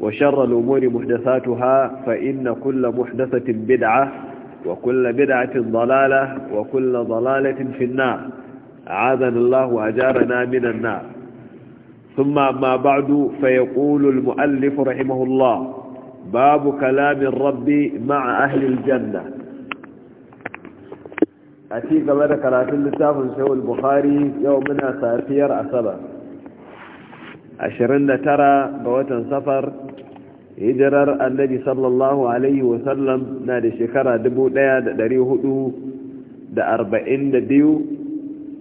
وشر الأمور محدثاتها فإن كل محدثة بدعة وكل بدعة ضلالة وكل ضلالة في النار عاذنا الله وأجارنا من النار ثم أما بعد فيقول المؤلف رحمه الله باب كلام الرب مع أهل الجنة أتي قبل كرات لتافن سوى البخاري يومنا ساتير أسبب أشرنا ترى بوتن سفر hijirar annabi sallallahu alaihi wasallam na da shekara biyu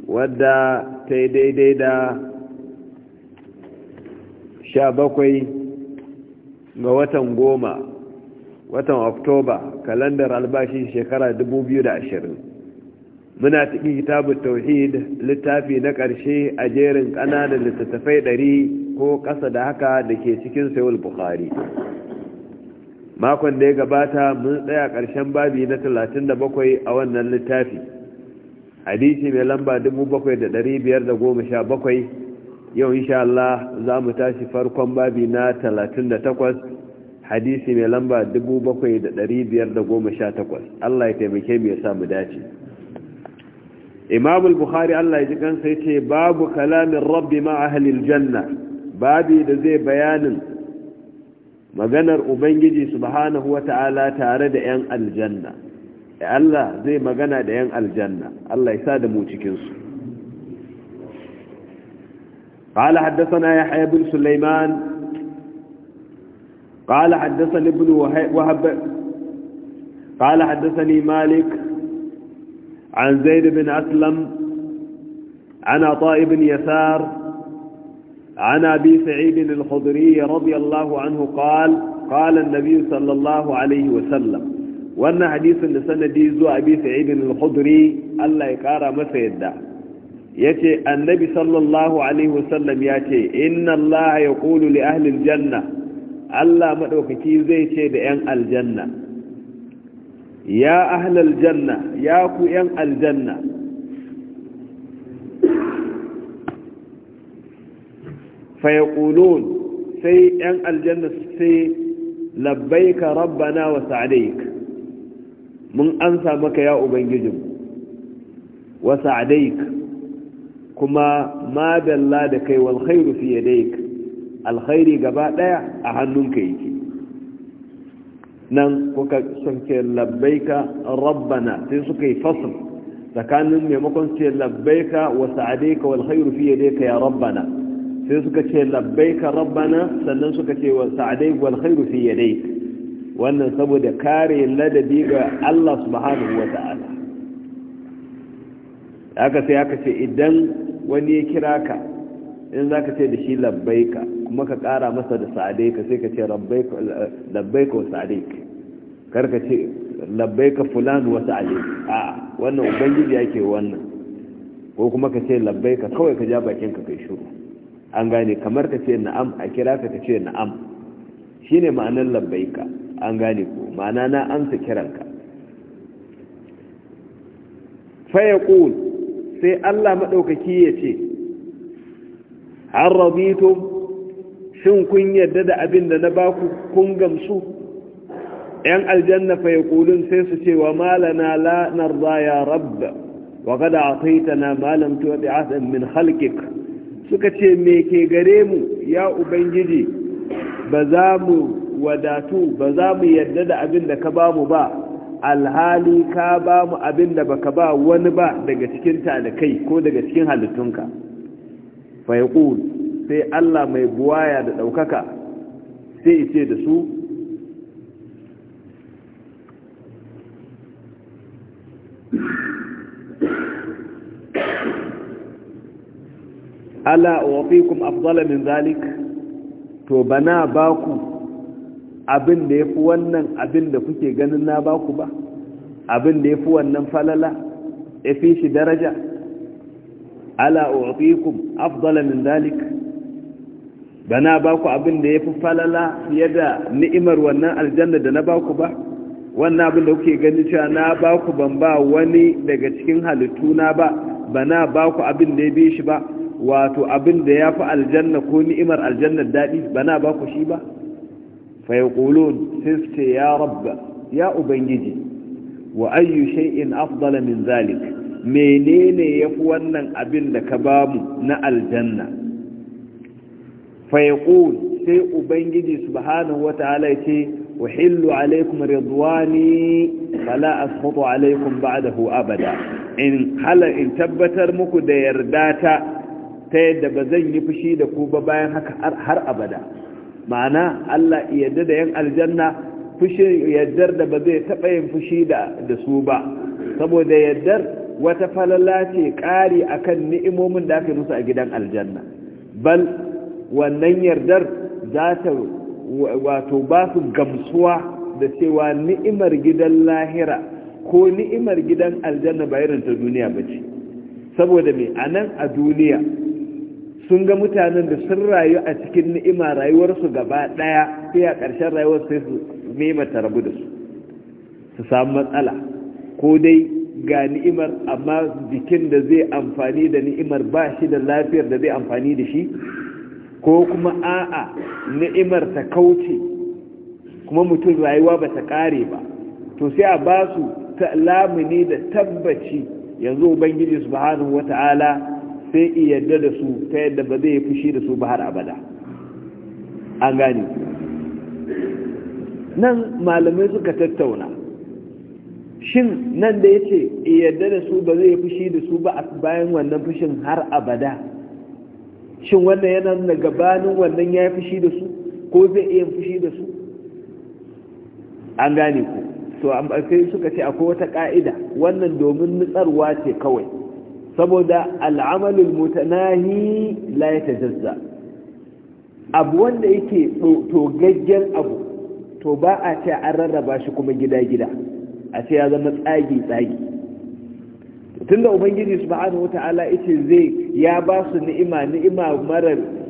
wadda ta yi daidai da sha bakwai ga watan goma watan oktoba kalandar albashi shekara ashirin. muna cikin kitabun tauhid littafi na ƙarshe a jerin ƙananan littattafai ɗari. ko ƙasa da haka da ke cikin sayul bukhari makon da ya gabata mun tsaya ƙarshen babi na 37 a wannan littafi hadisi mai lamba 7517 yau insha Allah za mu tashi farkon babi na 38 hadisi mai lamba 7518 Allah ya taimake mu ya sa mu dace imam al-bukhari Allah ya ji kansa yace babu kalamin rabbi ma al janna babi da zai bayanin maganar ubangiji subhanahu wata'ala tare da 'yan aljanna e Allah zai magana da 'yan aljanna Allah ya sa da mu cikinsu قال حدثنا يحيى بن سليمان قال حدثني ابن وهب قال حدثني مالك عن زيد بن أسلم عن عطاء يسار عن أبي سعيد الخضري رضي الله عنه قال قال النبي صلى الله عليه وسلم وأن حديث لسندي زو أبي سعيد الخضري الله يقارى مسيدا يتي النبي صلى الله عليه وسلم يتي إن الله يقول لأهل الجنة الله مدوكتي زي تي لأن الجنة يا أهل الجنة يا أكو أن الجنة fayaqulun sai yan aljanna su labbai ka rabbana wa sa'daik mun ansa maka ya ubangijin wa sa'daik kuma ma dalla da kai wal khairu fi yadayk alkhairi gaba daya a hannunka yake nan kuka sunce labbaika rabbana sai suka yi fasl tsakanin maimakon ce labbaika wa sa'daika wal khairu fi yadayka ya rabbana sai suka ce ka rabbana sannan suka ce wa sa'adai wal khairu fi yadai wannan saboda kare ladabi ga Allah subhanahu wa ta'ala haka sai aka ce idan wani ya kira ka in zaka ce da shi ka kuma ka kara masa da ka sai ka ce labbaika labbaika ka sa'adaik kar ka ce ka fulan wa sa'adai a wannan ubangiji yake wannan ko kuma ka ce ka kawai ka ja bakin ka kai shuru. an gane kamar ka ce na'am a kira ka ka ce na'am Shi ne ma'anar lambaika, an gane ko ma'ana na amsa kiranka Faya yaqul sai Allah maɗaukaki ya ce har rabitum shin kun yarda da abin da na baku kun gamsu yan aljanna faya yaqulun sai su ce wa malana la narda ya rabb wa qad a'taytana ma lam tu'ti 'ahdan min halkik suka ce me ke gare mu ya ubangiji ba za mu wadatu ba za mu yarda da abin da ka ba mu ba alhali ka ba mu abin da baka ba wani ba daga cikin talakai ko daga cikin halittunka faiqul sai Allah mai buwaya da ɗaukaka sai ce da su ala wa fikum afdala min zalik to bana baku abin da yafi wannan abin da kuke ganin na baku ba abin da yafi wannan falala yafi shi daraja ala u'tikum afdala min zalik bana baku abin da yafi falala fiye da ni'imar wannan aljanna da na baku ba wannan abin da kuke ganin cewa na baku ban ba wani daga cikin halittu na ba bana baku abin da ya bi shi ba wato abin da ya fi aljanna ko ni'imar aljanna daɗi bana ba ku shi ba fayaqulun sai ya rabba ya ubangiji wa ayyu shay'in afdala min zalik menene yafi wannan abin da ka bamu na aljanna ƙul sai ubangiji subhanahu wataala yace uhillu alaykum ridwani fala asqutu alaikum ba'dahu abada in hala in tabbatar muku da yardata ta yadda ba zan yi fushi da ku ba bayan haka har abada ma'ana Allah yadda da yan aljanna fushi yaddar da ba zai taɓa yin fushi da su ba saboda yaddar wata falala ce ƙari akan ni'imomin da aka musu a gidan aljanna bal wannan yardar za ta wato ba su gamsuwa da cewa ni'imar gidan lahira ko ni'imar gidan aljanna ba irin ta duniya ba ce saboda mai a nan a duniya sun ga mutanen da sun rayu a cikin ni'ima rayuwarsu gaba ɗaya sai a ƙarshen rayuwar sai su nema ta rabu da su su samu matsala ko dai ga ni'imar amma jikin da zai amfani da ni'imar ba shi da lafiyar da zai amfani da shi ko kuma a'a ni'imar ta kauce kuma mutum rayuwa ba ta ƙare ba to sai a ba su lamuni da tabbaci yanzu ubangiji subhanahu wata'ala sai yadda da su ta yadda ba zai fushi da su ba har abada an gane nan malamai suka tattauna shin nan da ya ce yadda da su ba zai fushi da su ba a bayan wannan fushin har abada shin wannan yana na gabanin wannan ya fushi da su ko zai iya fushi da su an gane ku to sai suka ce akwai wata ka'ida wannan domin nutsarwa ce kawai saboda al'amalin mutanahi la ya tajazza abu wanda yake togaggen abu to ba a ce an rarraba shi kuma gida-gida a ce ya zama tsagi-tsagi tun da ubangiji su ba'adu wata'ala ita zai ya ba su ni'ima ni'ima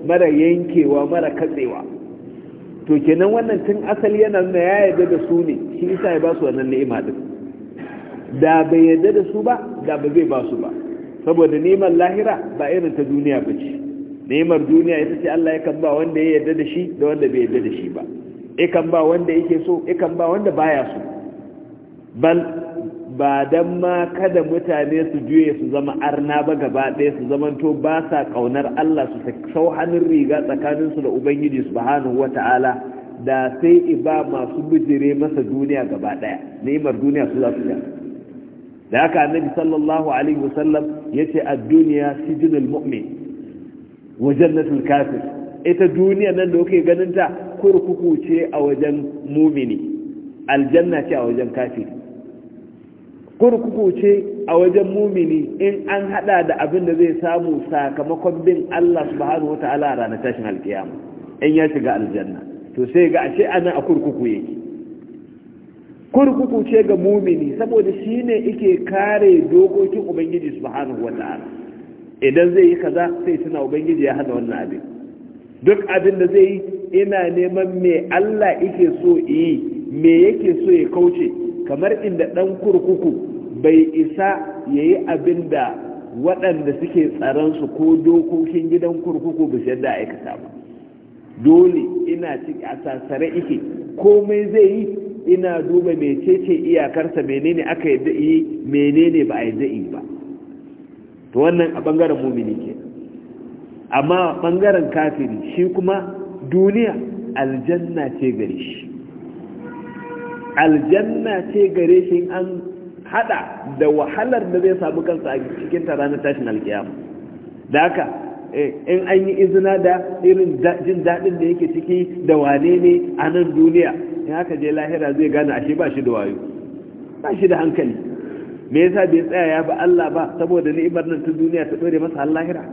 mara yankewa mara katsewa to kenan wannan tun asali yana nuna ya yarda da su ne shi isa ya ba su wannan ni'ima din da bai yarda da su ba da ba zai ba su ba saboda neman lahira ba irin ta duniya ba ce nemar duniya ita ce Allah yakan ba wanda ya yarda da shi da wanda bai yarda da shi ba ikan ba wanda yake so ikan ba wanda baya so bal ba dan ma kada mutane su juye su zama arna ba gaba ɗaya su to ba sa kaunar Allah su sau hannun riga tsakanin su da Ubangiji subhanahu wata'ala da sai iba masu bijire masa duniya gaba ɗaya nemar duniya su za su yi da haka annabi sallallahu alaihi wasallam yace ad-dunya sijnul mu'min wa jannatul kafir ita duniya nan da kuke ganin ta kurkuku ce a wajen mumini aljanna ce a wajen kafiri kurkuku ce a wajen mumini in an hada da abin da zai samu sakamakon bin Allah subhanahu wataala a ranar tashin alkiyama in ya shiga aljanna to sai ga ashe anan a kurkuku yake kurkuku ce ga mumini saboda shi ne ike kare dokokin ubangiji su wa wata'ala idan zai yi kaza sai suna ubangiji ya hana wannan abin duk abin da zai yi ina neman me Allah ike so yi me yake so ya kauce kamar inda ɗan kurkuku bai isa ya yi abin da waɗanda suke tsaransu ko dokokin gidan kurkuku ba su yadda aikata ba dole ina ciki a ike komai zai yi ina duba mecece iyakarsa menene aka yadda yi menene ba a yadda yi ba to wannan a bangaren mumini ke amma bangaren kafiri shi kuma duniya aljanna ce gare shi aljanna ce gare shi an hada da wahalar da zai samu kansa a cikin ta ranar tashin alkiyama da haka eh, in an yi izina da irin jin daɗin da yake ciki da wane ne a nan duniya in haka je lahira zai gane ashe ba shi da wayo ba shi da hankali me yasa bai tsaya ya ba Allah ba saboda ni'imar nan ta duniya ta dore masa har lahira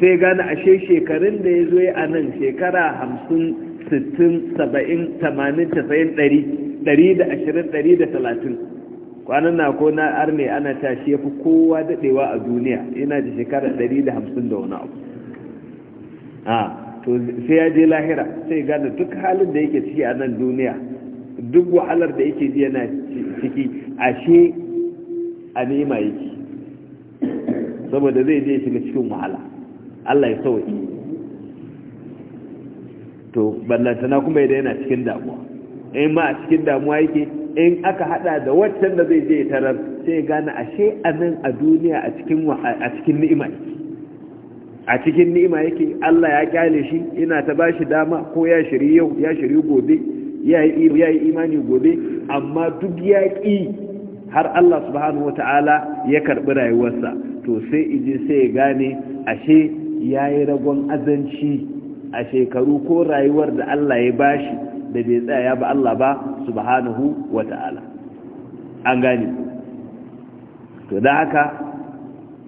sai gane ashe shekarun da ya zo ya a nan shekara hamsin sittin saba'in tamanin tasayin ɗari ɗari da ashirin ɗari da talatin kwanan na ko na arne ana ta shi ya fi kowa daɗewa a duniya yana da shekara ɗari da hamsin da wani abu ah. to sai ya je lahira sai gane duk halin da yake ciki a nan duniya duk wahalar da yake ji yana ciki ashe a nema yake saboda zai je shiga cikin wahala Allah ya sauki to ballantana kuma idan yana cikin damuwa in ma a cikin damuwa yake in aka hada da waccan da zai je tarar sai gane ashe a nan a duniya a cikin ni'ima yake a cikin ni'ima yake Allah ya kyale shi ina ta bashi dama ko ya shiri yau ya shiri gobe ya yi imani gobe amma duk ya ƙi har Allah subhanahu wata'ala ya karɓi rayuwarsa to sai ije sai ya gane ashe ya yi ragon azanci a shekaru ko rayuwar da Allah ya bashi da bai tsaya ba Allah ba subhanahu wata'ala an gane to da haka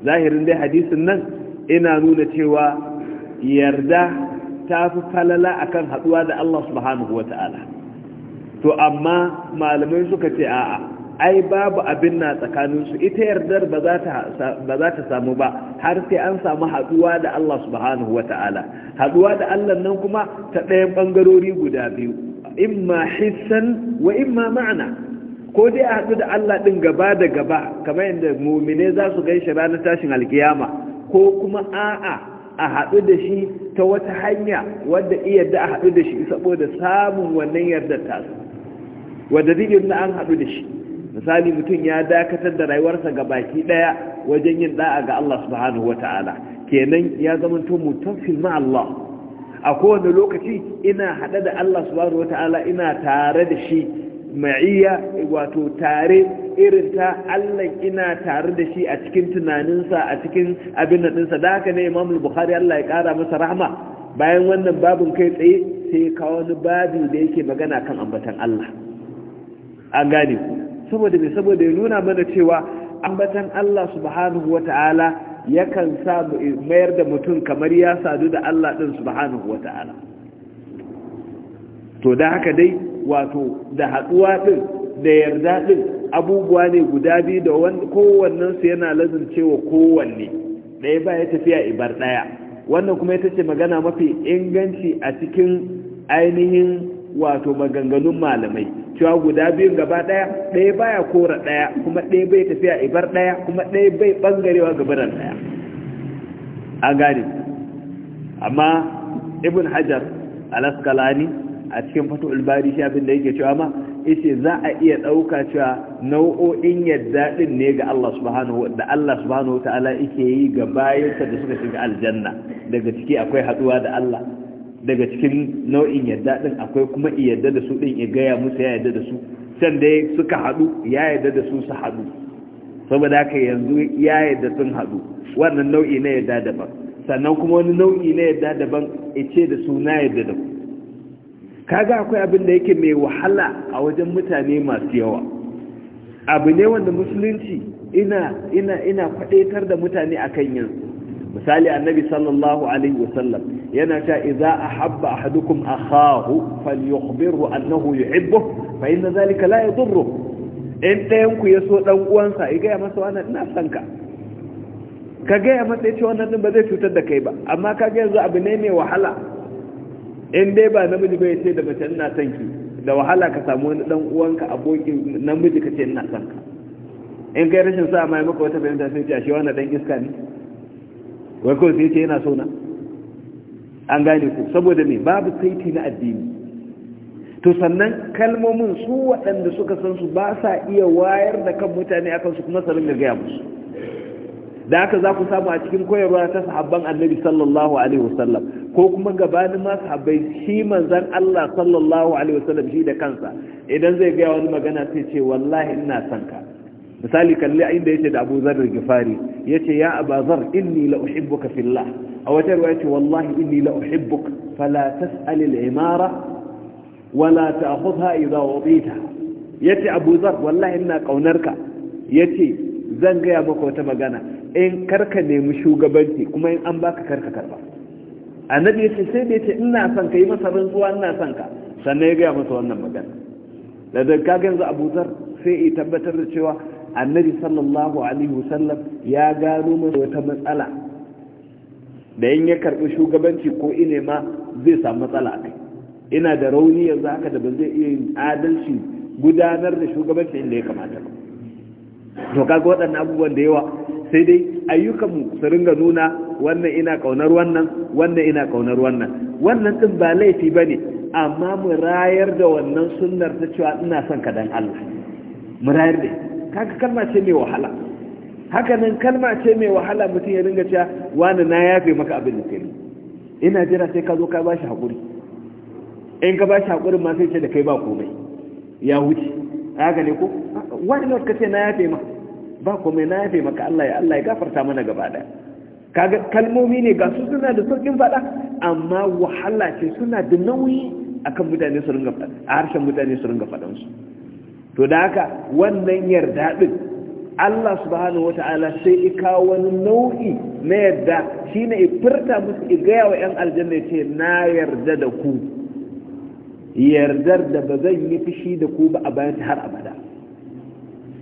zahirin dai hadisin nan ina nuna cewa yarda ta fi falala akan haɗuwa da Allah subhanahu wata'ala to amma malamai suka ce a'a ai babu abin na tsakaninsu ita yardar ba za ta samu ba har sai an samu haɗuwa da Allah subhanahu wata'ala Haɗuwa da Allah nan kuma ta ɗayan ɓangarori guda biyu imma hissan wa imma ma'ana ko dai a haɗu da Allah ɗin gaba da gaba kamar yadda mumine za su gaishe ranar tashin alkiyama ko kuma a'a a haɗu da shi ta wata hanya wadda iya da a haɗu da shi saboda samun wannan yardar su wadda zai na an haɗu da shi misali mutum ya dakatar da rayuwarsa ga baki ɗaya wajen yin ɗa'a ga Allah subhanahu wa ta'ala kenan ya zama zamanto mutafil ma Allah a kowane lokaci ina haɗe da Allah subhanahu ta'ala ina tare da shi ma'iyya wato tare irin ta Allah ina tare da shi a cikin tunaninsa a cikin abin nadinsa da haka ne Imam Bukhari Allah ya kara masa rahma bayan wannan babin kai tsaye sai ka wani babi da yake magana kan ambatan Allah an gane saboda me saboda ya nuna mana cewa ambatan Allah subhanahu wata'ala yakan sa mayar da mutum kamar ya sadu da Allah din subhanahu wata'ala to da haka dai wato da haduwa din da yarda ɗin, abubuwa ne guda biyu da kowannen su yana lazancewa kowanne ɗaya ba ya tafiya ibar ɗaya wannan kuma ita ce magana mafi inganci a cikin ainihin wato maganganun malamai cewa guda biyun gaba ɗaya ɗaya baya kora ɗaya kuma ɗaya bai tafiya ibar ɗaya kuma ɗaya bai ɓangarewa gabaran ɗaya a gane amma ibn hajar alaskalani a cikin fatu bari shi abin da yake cewa ma yace za a iya dauka cewa nau'o'in yadda din ne ga Allah subhanahu da Allah subhanahu ta'ala yake yi ga bayansa da suka shiga aljanna daga ciki akwai haduwa da Allah daga cikin nau'in yadda din akwai kuma yadda da su din ya gaya musu ya yadda da su can dai suka hadu ya yadda da su su hadu saboda haka yanzu ya yadda sun hadu wannan nau'i na yadda daban sannan kuma wani nau'i na yadda daban ice da su na yadda da ku kaga akwai abin da yake mai wahala a wajen mutane masu yawa abu ne wanda musulunci ina ina ina kwadaitar da mutane akan yin misali annabi sallallahu alaihi wasallam yana ta idza ahabba ahadukum akhahu falyukhbirhu annahu yuhibbu fa inna zalika la yadurru in ɗayan ku yaso dan uwansa ya gaya masa wannan ina son ka ka gaya masa ya ce wannan din ba zai cutar da kai ba amma kaga yanzu abu ne mai wahala in dai ba namiji bai ce da mace ina son ki da wahala ka samu wani dan uwanka abokin namiji ka ce ina son ka in kai rashin sa mai maka wata fahimta sai ce a shi wannan dan iska ne wai ko sai ce yana so na an gane ku saboda me babu saiti na addini to sannan kalmomin su waɗanda suka san su ba sa iya wayar da kan mutane akan su kuma sanin gaya musu da aka za ku samu a cikin koyarwa ta sahabban annabi sallallahu alaihi wasallam ko kuma gabanin ma sahabbai shi manzan Allah sallallahu alaihi wasallam shi da kansa idan zai gaya wani magana sai ce wallahi ina son ka misali kalli inda yace da Abu Zar Gifari yace ya Abu Zar inni la uhibbuka fillah a wata riwaya yace wallahi inni la uhibbuka fala tas'al al-imara wala ta'khudha idha wadita yace Abu Zar wallahi ina kaunarka yace zan gaya maka wata magana in karka nemi shugabanci kuma in an baka karka karba annabi ya ce sai da ya ce ina son ka yi masa rantsuwa ina son ka sannan ya gaya masa wannan magana da da kaga yanzu abu zar sai ya tabbatar da cewa annabi sallallahu alaihi wasallam ya gano masa wata matsala da in ya karbi shugabanci ko ine ma zai samu matsala a kai ina da rauni yanzu haka da bazai zai iya yin adalci gudanar da shugabanci inda ya kamata ba to kaga waɗannan abubuwan da yawa sai dai ayyukanmu su ringa nuna wannan ina kaunar wannan wannan ina kaunar wannan wannan din ba laifi ba ne amma mu rayar da wannan sunnar ta cewa ina son ka dan Allah mu rayar da kaka kalma ce mai wahala haka nan kalma ce mai wahala mutum ya ringa cewa wani na yafe maka abin da kai ina jira sai ka zo ka bashi hakuri in ka bashi hakuri ma sai ce da kai ba komai ya wuce haka ne ko wani lokaci na yafe maka ba kome na yafe maka Allah ya Allah ya gafarta mana gaba daya kaga kalmomi ne ga su suna da saukin faɗa amma wahala ce suna da nauyi akan mutane su ringa faɗa a harshen mutane su ringa faɗan su to da haka wannan yarda din Allah subhanahu wata'ala sai i kawo wani nau'i na yarda shine i furta musu i gaya wa 'yan aljanna ce na yarda da ku yardar da ba zan yi fushi da ku ba a bayan har abada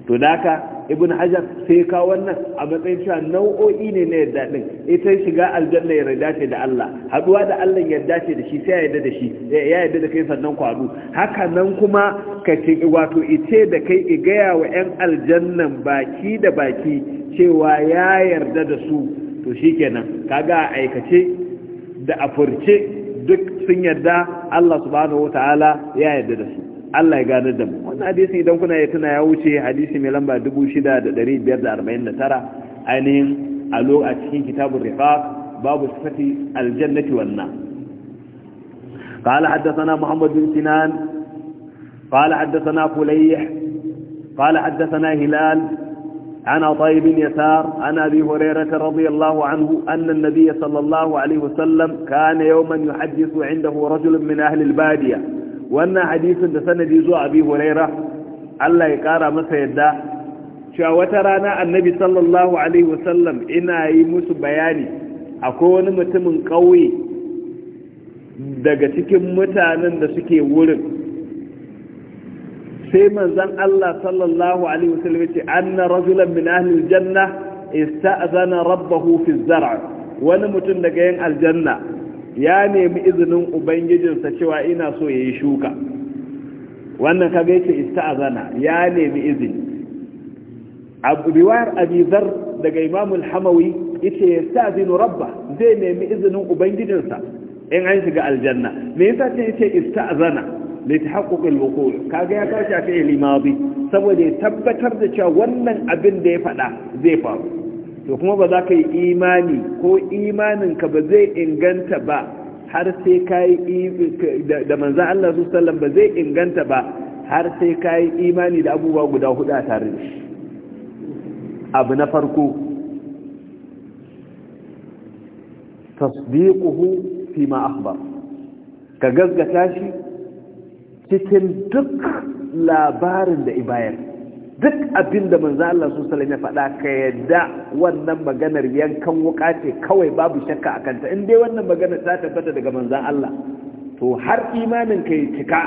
to da haka ibn hajar sai ya wannan a matsayin cewa nau'o'i ne na yarda din ita shiga aljanna ya yarda ce da Allah haduwa da Allah yarda ce da shi sai ya yarda da shi ya yarda da kai sannan ku haka nan kuma ka ce wato ice da kai i gaya wa yan aljannan baki da baki cewa ya yarda da su to shikenan kaga aikace da afurce duk sun yarda Allah subhanahu wataala ya yarda da su Allah ya ganar da mu wannan hadisi idan kuna ya tuna ya wuce hadisi mai lamba 6549 ainihin a lo a cikin kitabun rifaq babu sifati aljannati wannan قال حدثنا محمد بن سنان قال حدثنا فليح قال حدثنا هلال عن عطاء بن يسار عن أبي هريرة رضي الله عنه أن النبي صلى الله عليه وسلم كان يوما يحدث عنده رجل من أهل البادية wannan hadisin da sanadi zuwa abi huraira Allah ya kara masa yadda cewa wata rana annabi sallallahu alaihi wasallam ina yi musu bayani akwai wani mutumin ƙauye daga cikin mutanen da suke wurin sai manzon Allah sallallahu alaihi wasallam ce anna rajulan min ahli aljanna ista'zana rabbahu fi zar'a wani mutum daga yin aljanna ya nemi izinin ubangijinsa cewa ina so ya yi shuka wannan kaga yake ista'azana ya nemi izini abu riwayar abizar daga imamul hamawi yace yasta'zinu rabba zai nemi izinin ubangijinsa in an shiga aljanna me yasa ce yace ista'zana li tahaqquq al-wuqu' kaga ya kawo shafi a fi'il saboda ya tabbatar da cewa wannan abin da ya faɗa zai faru to kuma ba za ka yi imani ko imaninka ba zai inganta ba har sai ka yi da manzan Allah su sallam ba zai inganta ba har sai ka yi imani da abubuwa guda hudu a tare da shi abu na farko tasdiquhu fi ma akhbar ka gaskata shi cikin duk labarin da ibayar duk abin da manzo Allah su sallam ya faɗa ka yadda wannan maganar yankan wuka ce kawai babu shakka a kanta in dai wannan maganar ta tabbata daga manzo Allah to har imanin ka ya cika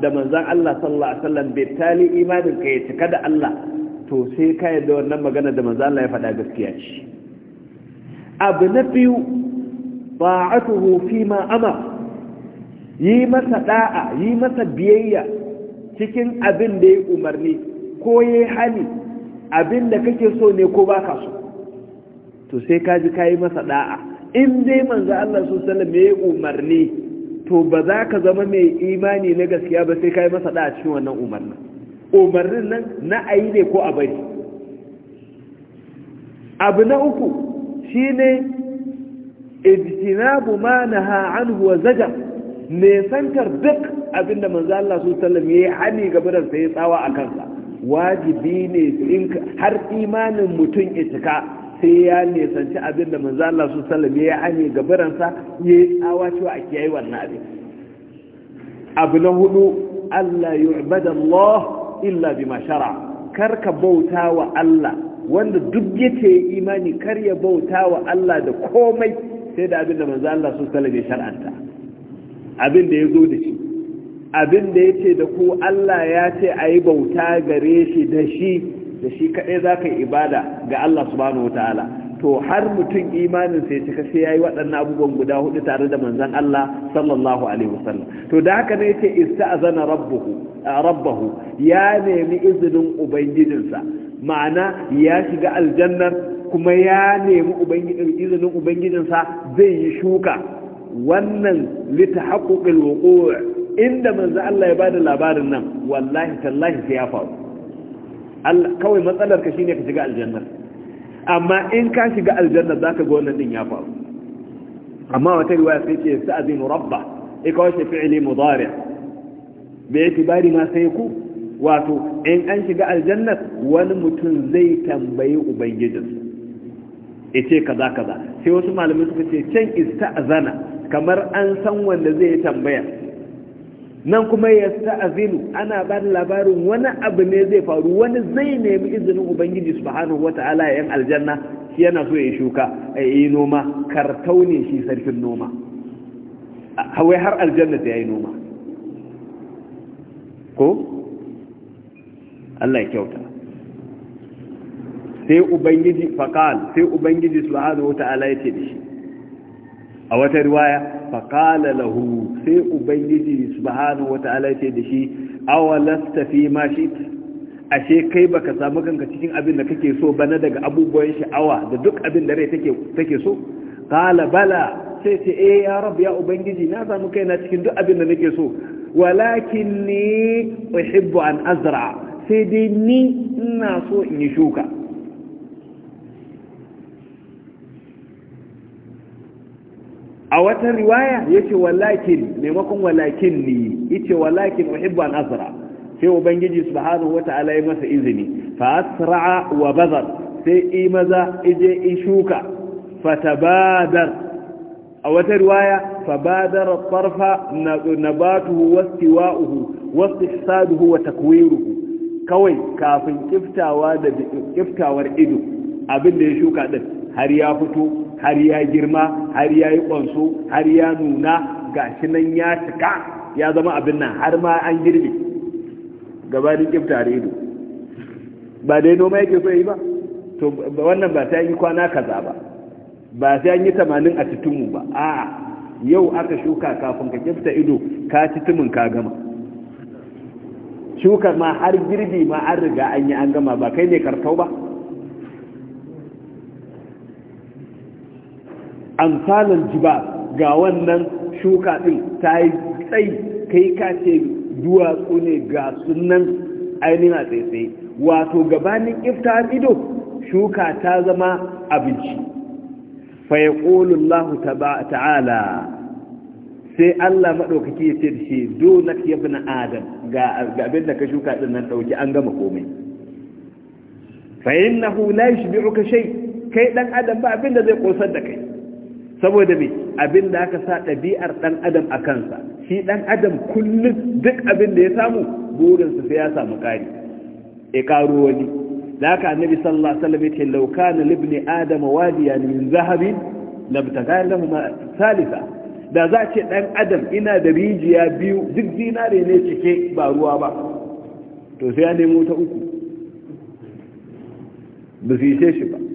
da manzo Allah sallallahu alaihi wasallam bai tali imanin ka ya cika da Allah to sai ka yadda wannan maganar da manzo Allah ya faɗa gaskiya ce abu na biyu ba'atuhu fi ma ama yi masa da'a yi masa biyayya cikin abin da ya umarni ko ya hali abin da kake so ne ko baka so to sai ka ji kayi masa da'a in dai manzo Allah su sallam ya umarni to ba za ka zama mai imani na gaskiya ba sai kayi masa da'a cikin wannan umarnin umarnin nan na ayi ne ko a bari abu na uku shine ijtinabu ma naha anhu wa zajar nesantar duk abinda manzo Allah su sallam ya yi hani ga da ya tsawa a kansa wajibi ne in har imanin mutum itika sai ya nisanci abin da manzo Allah su sallam ya ane gabaransa ya yi tsawa cewa a kiyaye wannan abin abu na hudu Allah yu'bada Allah illa bi mashara kar ka bauta wa Allah wanda duk yace imani kar ya bauta wa Allah da komai sai da abin da manzo Allah su sallam ya shar'anta abin da ya zo da shi abin da ya ce da ku Allah ya ce a yi bauta gare shi da shi da shi kaɗai za ka yi ibada ga Allah subhanahu wa ta'ala to har mutum imanin sai cika sai ya yi waɗannan abubuwan guda hudu tare da manzan Allah sallallahu alaihi wasallam to da haka ne ce ista'zana rabbuhu rabbahu ya nemi izinin ubangijinsa ma'ana ya shiga aljannar kuma ya nemi izinin ubangijinsa zai yi shuka wannan lita wuqu' inda manzo Allah ya bada labarin nan wallahi tallahi sai ya faru kawai matsalar ka shine ka shiga aljanna amma in ka shiga aljanna zaka ga wannan din ya faru amma wata riwaya sai ce sa'adin rabba e kawai shi fi'li mudari bi itibari ma sai ku wato in an shiga aljanna wani mutum zai tambayi ubangijinsa ce kaza kaza sai wasu malamai suka ce can ista'zana kamar an san wanda zai tambaya nan kuma ya ta'azinu ana ba da labarin wani abu ne zai faru wani zai nemi izinin ubangiji subhanahu wata'ala yan aljanna shi yana so ya shuka a yi noma kartau ne shi sarkin noma hawai har aljanna ta yi noma ko Allah ya kyauta sai ubangiji faqal sai ubangiji subhanahu wata'ala ya ce da shi a wata riwaya faƙala lahu sai ubangiji subhanahu wata'ala ce da shi awalasta fi ma shi ashe kai baka samu kanka cikin abin da kake so bana daga abubuwan sha'awa da duk abin da rai take so qala bala sai ce eh ya rabu ya ubangiji na samu kaina cikin duk abin da nake so walakin ne uhibbu an azra sai dai ni ina so in yi shuka a wata riwaya yace walakin maimakon walakin ni yace walakin uhibbu an asra sai ubangiji subhanahu wata'ala ya masa izini fa asra'a wa bazar sai i maza ije i shuka fatabadar a wata riwaya fabadar tarfa nabatuhu wastiwa'uhu wastihsaduhu wa takwiruhu kawai kafin kiftawar ido abin da ya shuka din har ya fito har ya girma har ya yi ƙwansu har ya nuna shi nan ya cika ya zama abin nan har ma an girbe gabanin ƙifta da ido ba dai noma yake so yi ba to wannan ba ta yi kwana kaza ba ba sai yi tamanin a titumu ba a yau aka shuka kafin ka ƙifta ido ka titumin ka gama shukar ma har girbi ma an riga an yi an gama ba kai ne karkau ba amsalan jiba ga wannan shuka din ta yi tsayi kai ka ce duwatsu ne ga sunan ainihin a tsaye wato gabanin iftar ido shuka ta zama abinci fa ya ta'ala sai Allah maɗaukaki ya ce da shi donat ya fi na ga abin da ka shuka ɗin nan ɗauki an gama komai yin na hula shi biyu ka shai kai ɗan adam ba abin da zai ƙosar da kai saboda me abin da aka sa ɗabi'ar ɗan adam a kansa shi ɗan adam kullum duk abin da ya samu burinsa sai ya samu ƙari ya ƙaro wani da aka annabi sallallahu alaihi wasallam yake law kana libni adam wadiyan min zahabin labtaga lahu ma salisa da za ce ɗan adam ina da rijiya biyu duk zinare ne cike ba ruwa ba to sai ya nemo ta uku ba su yi shi ba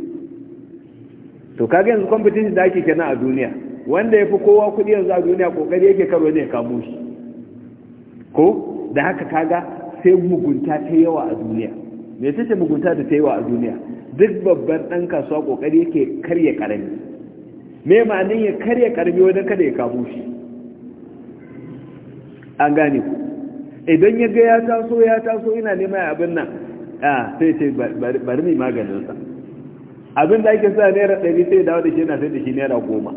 to kaga yanzu competition da ake kenan a duniya wanda ya fi kowa kuɗi yanzu a duniya kokari yake karo ne kamo shi ko da haka kaga sai mugunta ta yawa a duniya me ce mugunta da ta yawa a duniya duk babban ɗan kasuwa kokari yake karya karami me ma'anin ya karya karami wajen kada ya kamo shi an gane ku idan ya ga ya taso ya taso ina nema abin nan a ah, sai sai bari mai maganinsa abin da ake sa naira ɗari sai dawo da shi yana sai da shi naira goma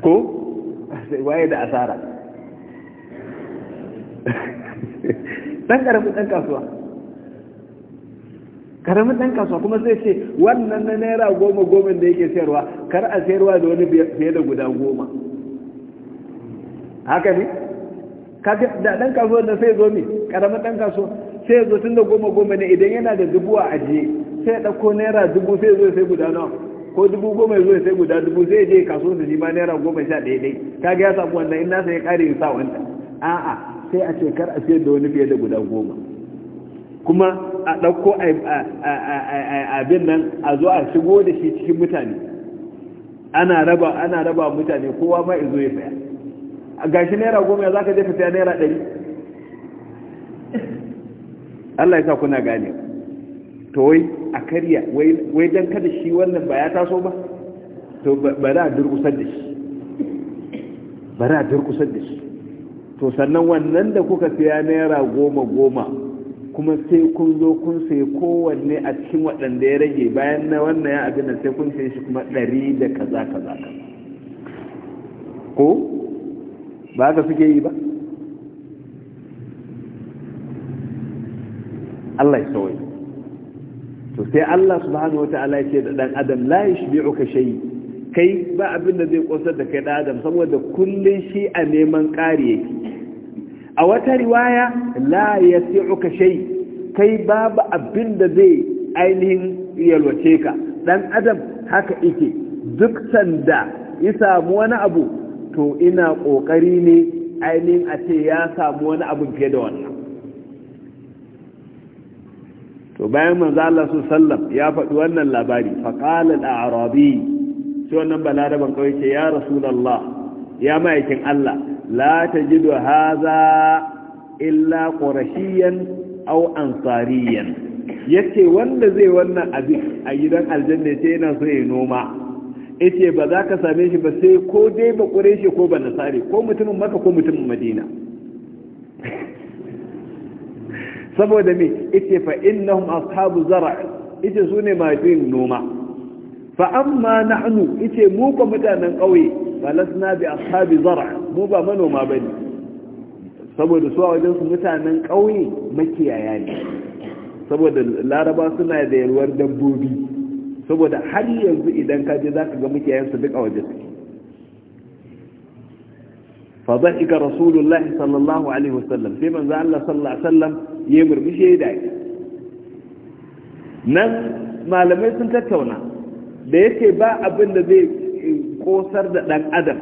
ko waye da asara dan karamin ɗan kasuwa karamin dan kasuwa kuma sai ce wannan na naira goma goma da yake sayarwa kar a sayarwa da wani fiye da guda goma haka ne da ɗan kasuwa da sai zo ne karamin ɗan kasuwa sai zo tun da goma goma ne idan yana da dubu a ajiye sai ya ɗauko naira dubu sai zo sai guda nawa ko dubu goma zo sai guda dubu sai je kaso da shi ma naira goma sha ɗaya dai kaga ya samu wannan in nasa ya ƙare ya sa wanda a'a sai a ce kar a sayar da wani fiye da guda goma kuma a ɗauko abin nan a zo a shigo da shi cikin mutane ana raba ana raba mutane kowa ma zo ya saya gashi naira goma ya zaka je ka saya naira ɗari Allah ya sa kuna gane to wai a karya wai dan kada shi wannan ba ya taso ba to ba za a durkusar da shi ba za a durkusar da shi to sannan wannan da kuka siya naira goma goma kuma sai kun zo kun sai kowanne a cikin waɗanda ya rage bayan na wannan ya abin da sai kun sai shi kuma ɗari da kaza kaza ko ba ka suke yi ba Allah ya sauye to sai Allah subhanahu wata'ala ya ce da dan adam la yashbi'uka shay kai ba abin da zai kosar da kai dan adam saboda kullun shi a neman ƙari a wata riwaya la yasi'uka shay kai babu abin da zai ainihin yalwace ka dan adam haka yake duk sanda ya samu wani abu to ina kokari ne ainihin a ce ya samu wani abu fiye da wannan to bayan manzo Allah su sallam ya faɗi wannan labari faqala al-arabi sai wannan balaraban kawai ce ya rasulullah ya ma'aikin Allah la tajidu hadha illa qurashiyan aw ansariyan yace wanda zai wannan abin a gidan aljanna sai yana so ya noma yace ba za ka same shi ba sai ko dai ba ƙure shi ko ba nasari ko mutumin maka ko mutumin madina saboda me ita fa innahum ashabu zara' ita su ne masu yin noma fa amma nahnu ita mu ko mutanen ƙauye balasna bi ashabi zara' mu ba manoma bane saboda su a wajen su mutanen ƙauye makiyaya ne saboda laraba suna da yalwar dabbobi saboda har yanzu idan ka je zaka ga makiyayansu duk a waje suke fa dha'ika rasulullahi sallallahu alaihi wasallam sai manzo Allah sallallahu alaihi wasallam ya murmushi ya dariya nan malamai sun tattauna da yake ba abin da zai kosar da dan adam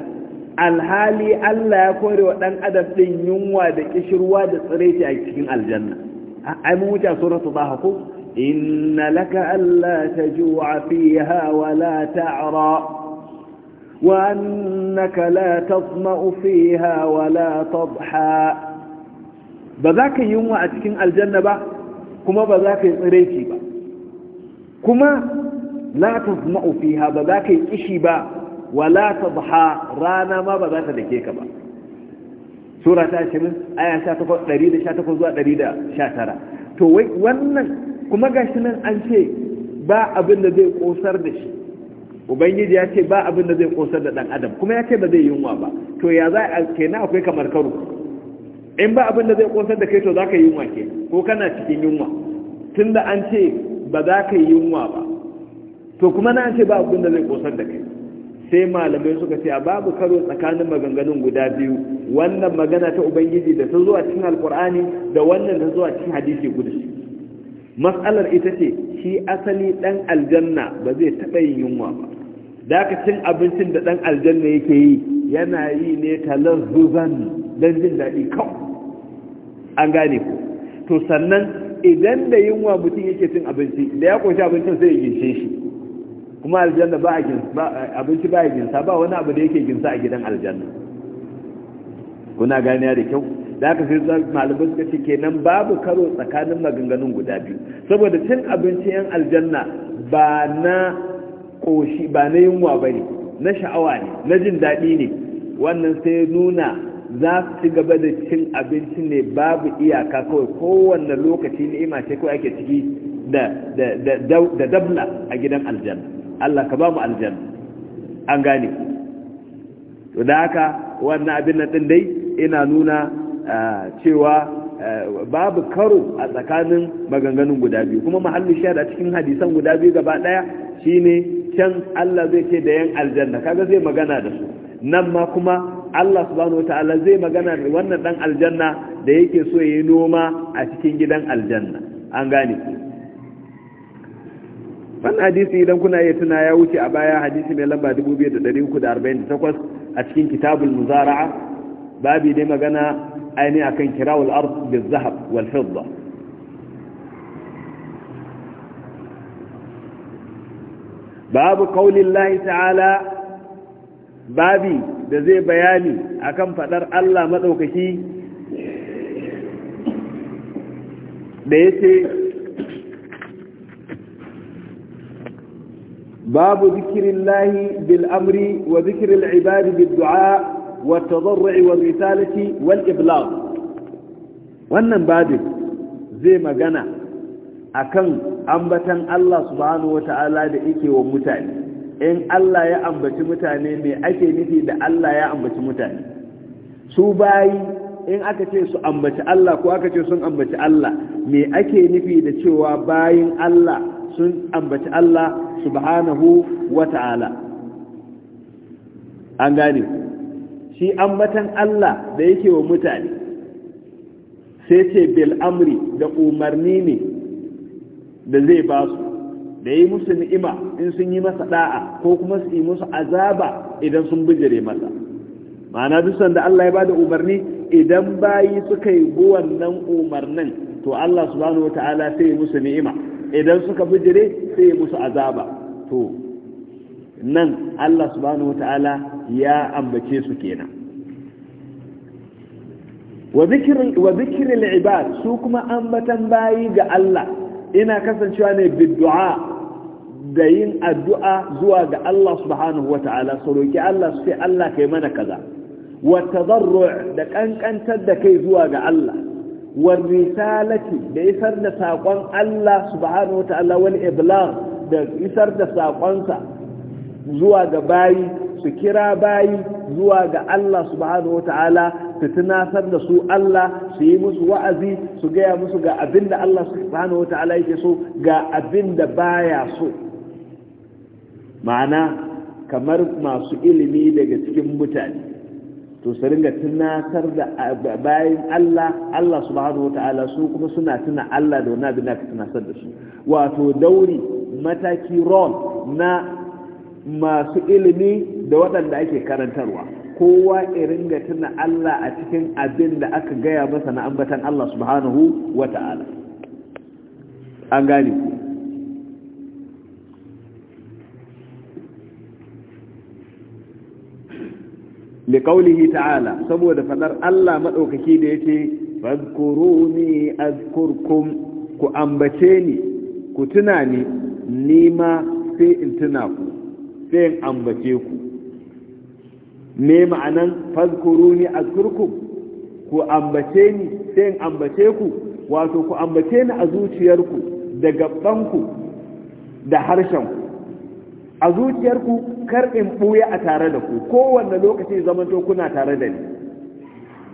alhali Allah ya kore wa dan adam din yunwa da kishirwa da tsireci a cikin aljanna ai mun wuce suratu dhaha ko inna laka alla tajua fiha wa la ta'ra وأنك لا تظمأ فيها ولا تضحى ba za ka yi yunwa a cikin aljanna ba kuma ba za ka yi tsiraici ba kuma la tasma'u fiha ba za ka yi kishi ba wa la tadha rana ma ba za ta dake ka ba sura ta shirin aya 18 takwas zuwa 119 to wannan kuma ga shi nan an ce ba abin da zai kosar da shi ubangiji ya ce ba abin da zai kosar da dan adam kuma ya ce ba zai yunwa ba to ya za a kenan akwai kamar karo in ba abin da zai kosar da kai to za ka yi yunwa ke ko kana cikin yunwa tun da an ce ba za ka yi yunwa ba to kuma na an ce ba abin da zai kosar da kai sai malamai suka ce a babu karo tsakanin maganganun guda biyu wannan magana ta ubangiji da ta zuwa cikin alkur'ani da wannan ta zuwa cikin hadisi shi. matsalar ita ce shi asali dan aljanna ba zai taɓa yin yunwa ba da aka cin abincin da dan aljanna yake yi yana yi ne talazzuzan dan jin daɗi kawai an gane ku to sannan idan da yunwa mutum yake cin abinci da ya kunshi abincin sai ya ginshe shi kuma aljanna ba abinci ba ya ginsa ba wani abu da yake ginsa a gidan aljanna kuna ganiya da kyau da aka fi malamai suka ce kenan babu karo tsakanin maganganun guda biyu saboda cin abinci yan aljanna ba na koshi ba na yunwa ba ne na sha'awa ne na jin daɗi ne wannan sai nuna za su ci gaba da cin abinci ne babu iyaka kawai kowanne lokaci ne ima ce kawai ake ciki da dabla a gidan aljanna Allah ka ba mu aljanna an gane to da haka wannan abin na din dai ina nuna cewa babu karo a tsakanin maganganun guda biyu kuma mahallin shahada a cikin hadisan guda biyu gaba ɗaya shine can Allah zai ce da yan aljanna kaga zai magana da su nan ma kuma Allah subhanahu ta'ala zai magana da wannan dan aljanna da yake so yayi noma a cikin gidan aljanna an gane wannan hadisi idan kuna iya tuna ya wuce a baya hadisi mai lamba 2348 a cikin kitabul muzara'a babi dai magana aini akan kirawul ard bil zahab wal fidda babu qaulin ta'ala babi da zai bayani akan fadar Allah maɗaukaki, da ce. babu zikrillahi bil amri wa zikril ibadi bid du'a wa tadarru'i wal risalati wal iblagh wannan babin zai magana akan ambatan Allah subhanahu da yake wa mutane in Allah ya ambaci mutane me ake nufi da Allah ya ambaci mutane su bayi in aka ce su ambaci Allah ko aka ce sun ambaci Allah me ake nufi da cewa bayin Allah sun ambaci Allah subhanahu wa ta'ala an gane shi ambatan Allah da yake wa mutane sai ce bil amri da umarni ne da zai ba su da yi musu ni'ima in sun yi masa da'a ko kuma su yi musu azaba idan sun bijire masa ma'ana duk sanda Allah ya bada umarni idan bayi suka yi wannan umarnin to Allah subhanahu wata'ala sai ya musu ni'ima idan suka bijire sai ya musu azaba to nan Allah subhanahu wata'ala ya ambace su kenan wa zikirin ibad su kuma ambatan bayi ga Allah ina kasancewa ne biddu'a da yin addu'a zuwa ga Allah subhanahu wa ta'ala su roƙi Allah su ce Allah kai mana kaza wata zarru da ƙanƙantar da kai zuwa ga Allah war risalati da isar da saƙon Allah subhanahu wa ta'ala wani iblar da isar da saƙonsa zuwa ga bayi su kira bayi zuwa ga Allah subhanahu wa ta'ala su tunasar da su Allah su yi musu wa'azi su gaya musu ga abin da Allah subhanahu wa ta'ala yake so ga abin da baya so ma'ana kamar masu ilimi daga cikin mutane to su ringa tunatar da bayan Allah Allah subhanahu wataala su kuma suna tuna Allah da wani abin da aka tunatar da shi wato dauri mataki rol na masu ilimi da waɗanda ake karantarwa kowa ga tuna Allah a cikin abin da aka gaya masa na ambatan Allah subhanahu wataala an gane ku liqaulihi ta'ala saboda fadar Allah madaukaki da yace fadkuruni azkurkum ku ambace ni ku tuna ni nima sai in tuna ku sai in ambace ku me ma'anan fadkuruni azkurkum ku ambace ni sai in ambace ku wato ku ambace ni a zuciyarku da gabbanku da harshenku a zuciyarku kar in ɓuya a tare da ku kowanne lokaci zamanto kuna tare da ni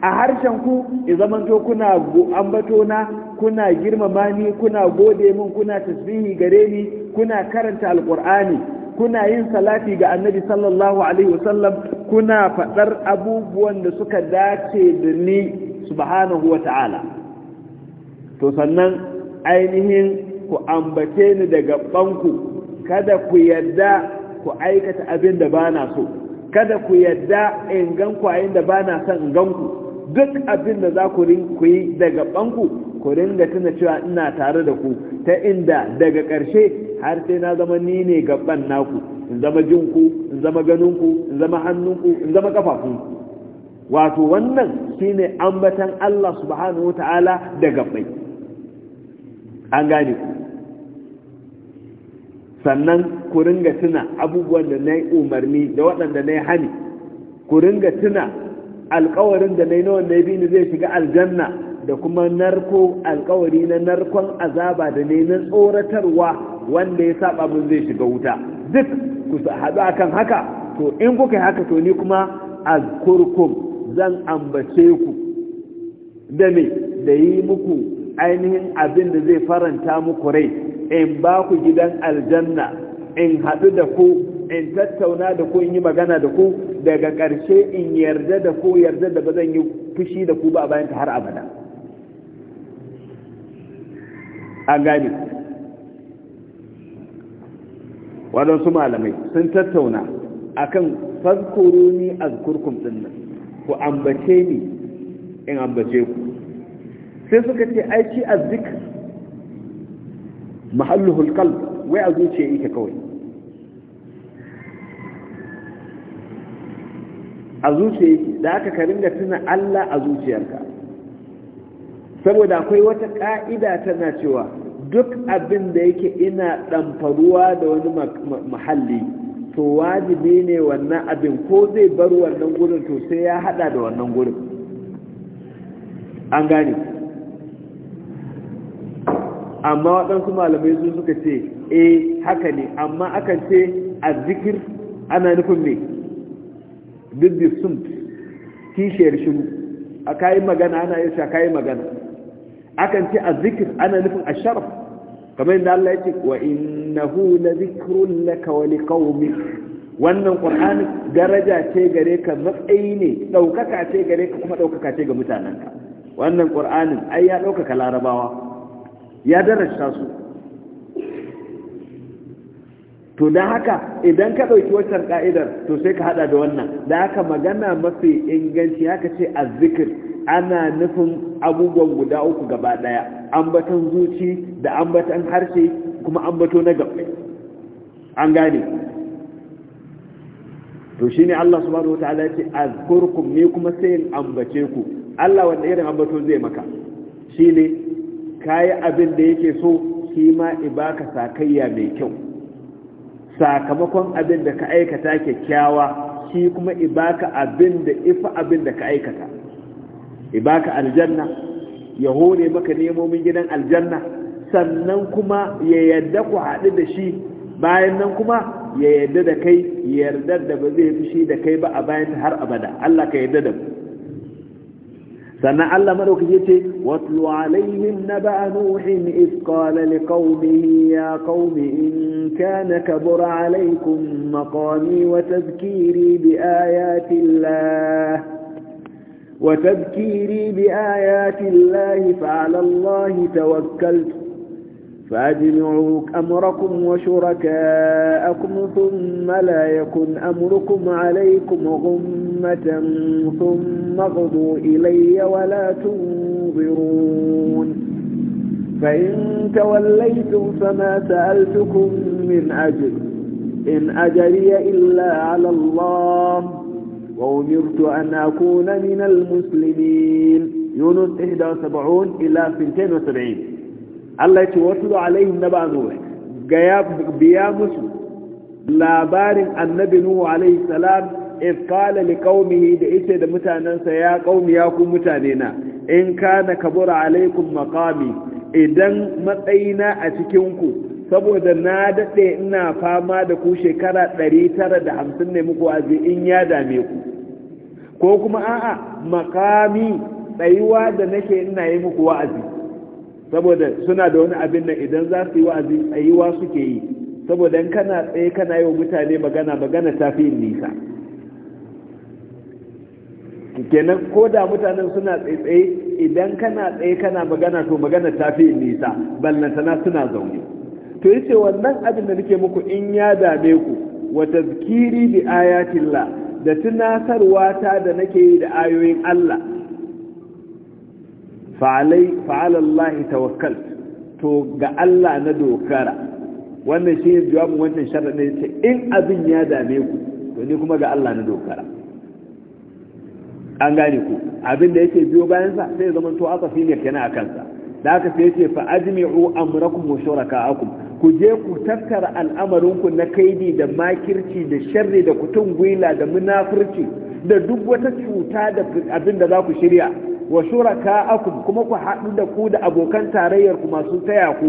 a harshen ku zamanto kuna ambato na kuna girmama ni kuna gode min kuna tasbihi gare ni kuna karanta alqur'ani kuna yin salati ga annabi sallallahu alaihi wasallam kuna faɗar abubuwan da suka dace da ni subhanahu ta'ala. to sannan ainihin ku ambace ni daga gabanku kada ku yadda ku aikata abin da ba na so kada ku yadda in gan ku ayin da ba na son in gan ku duk abin da za ku yi daga banku ku ringa tuna cewa ina tare da ku ta inda daga ƙarshe har sai na zama ni ne gaban naku in zama jinku in zama ganinku in zama hannunku in zama kafafunku wato wannan shine ambatan Allah subhanahu wa ta'ala da gaɓai, an gane ku sannan ku ringa tuna abubuwan da na yi umarni da waɗanda na yi hani ku ringa tuna alkawarin da na yi na wanda ya bini zai shiga aljanna da kuma narko alkawari na narkon azaba da ne na tsoratarwa wanda ya saba mun zai shiga wuta duk ku haɗu akan haka to in kuka yi haka to ni kuma azkurkum zan ambace ku da me da yi muku ainihin abin da zai faranta muku rai in ba ku gidan aljanna in haɗu da ku in tattauna da ku in yi magana da ku daga ƙarshe in yarda da ku yarda da ba zan yi fushi da ku ba a bayan ta har abada an gane waɗansu malamai sun tattauna akan fazkuru ni azkurkum din nan ku ambace ni in ambace ku sai suka ce ai shi azzikr mahalluhul qalb wai a zuciya yake kawai a zuciya da aka ka ringa tuna Allah a zuciyarka saboda akwai wata ka'ida tana cewa duk abin da yake ina ɗamfaruwa da wani mahalli to wajibi ne wannan abin ko zai bar wannan gurin to sai ya hada da wannan gurin an gane amma waɗansu malamai sun suka ce eh haka ne amma akan ce a zikir ana nufin ne duk sun tishiyar shiru a kayi magana ana yin sha kayi magana akan ce a zikir ana nufin a sharaf kamar yadda Allah ya ce wa innahu la zikrun laka wa liqaumik wannan qur'ani daraja ce gare ka matsayi ne daukaka ce gare ka kuma daukaka ce ga mutanen ka. wannan qur'anin ai ya daukaka larabawa ya darasta su to da haka idan ka ɗauki wancan ka'idar to sai ka hada da wannan da haka magana mafi inganci haka ce a zikir ana nufin abubuwan guda uku gaba ɗaya ambatan zuci da ambatan harshe kuma ambato na gaba an gane to shine Allah subhanahu wataala ya ce azkurkum ni kuma sai in ambace ku Allah wanda irin ambato zai maka shine kayi abin da yake so shi ma ibaka sakayya mai kyau sakamakon abin da ka aikata kyakkyawa shi kuma ibaka abin da ifa abin da ka aikata ibaka aljanna ya hore maka nemomin gidan aljanna sannan kuma ya yarda ku haɗu da shi bayan nan kuma ya yarda da kai yarda da ba zai fi shi da kai ba a bayan har abada Allah ka yarda da mu فنعلم ركزته واتل عليهم نبأ نوح إذ قال لقومه يا قوم إن كان كبر عليكم مقامي وتذكيري بآيات الله وتذكيري بآيات الله فعلى الله توكلت فأجمعوا أمركم وشركاءكم ثم لا يكن أمركم عليكم غمة ثم اغضوا إلي ولا تنظرون فإن توليتم فما سألتكم من أجل إن أجري إلا على الله وأمرت أن أكون من المسلمين يونس 71 إلى 72 Allah ce wasu na ba nuhu ga biya musu labarin annabi nuhu alaihi salam ita da mutanensa ya دا ya ku mutane na In ka na كان كبر عليكم Idan matsayina a cikinku saboda na daɗe ina fama da ku shekara ɗari 950 ne muku aji in ya dame ku ko kuma a'a makami tsayuwa da nake ina yi muku wa'azi saboda suna da wani abin nan idan za su yi wa'azi a yi wa suke yi saboda in kana tsaye kana yi wa mutane magana magana ta fi nisa kenan ko da mutanen suna tsaye idan kana tsaye kana magana to magana ta fi nisa ballantana suna zaune to yace wannan abin da nake muku in ya dame ku wa tazkiri bi ayatillah da tunasarwa ta da nake yi da ayoyin Allah fa'alallahi tawakkal to ga Allah na dokara wannan shi ne jawabin wannan sharaɗin ne ce in abin ya dame ku to ni kuma ga Allah na dokara an gane ku abin da yake biyo bayansa sai zama to aka fi ne kenan a kansa da aka sai yace fa ajmi'u amrakum wa shuraka'akum ku je ku tattara al'amarin ku na kaidi da makirci da sharri da kutun gwila da munafurci da duk wata cuta da abin da za ku shirya wa shuraka akum kuma ku haɗu da ku da abokan tarayyar ku masu taya ku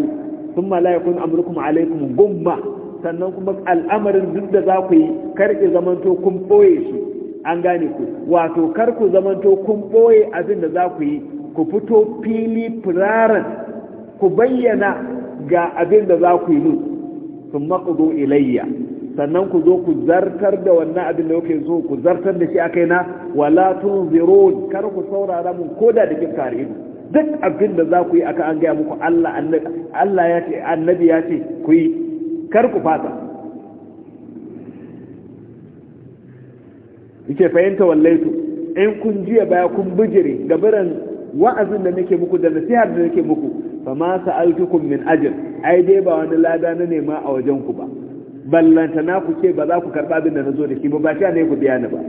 sun malayakun amurkum alaikum gumma sannan kuma al'amarin duk da za ku yi karki zamanto kun ɓoye shi an gane ku wato kar ku zamanto kun ɓoye abin da za ku yi ku fito fili firaran ku bayyana ga abin da za ku yi nun sun maƙudu ilayya sannan ku zo ku zartar da wannan abin da yake zo ku zartar da shi a na wala tunzirun kar ku saurara mun koda da kin kare duk abin da za ku yi aka an gaya muku Allah Allah ya ce annabi ya ce ku yi kar ku fata yake fahimta wallaitu in kun jiya baya kun bijire gabaran biran wa'azin da nake muku da nasihar da nake muku fa ma sa'altukum min ajr ai dai ba wani lada na nema a wajen ku ba ballanta na ku ce ba za ku karɓa abin da na zo da shi ba ba ta ne ku biya ni ba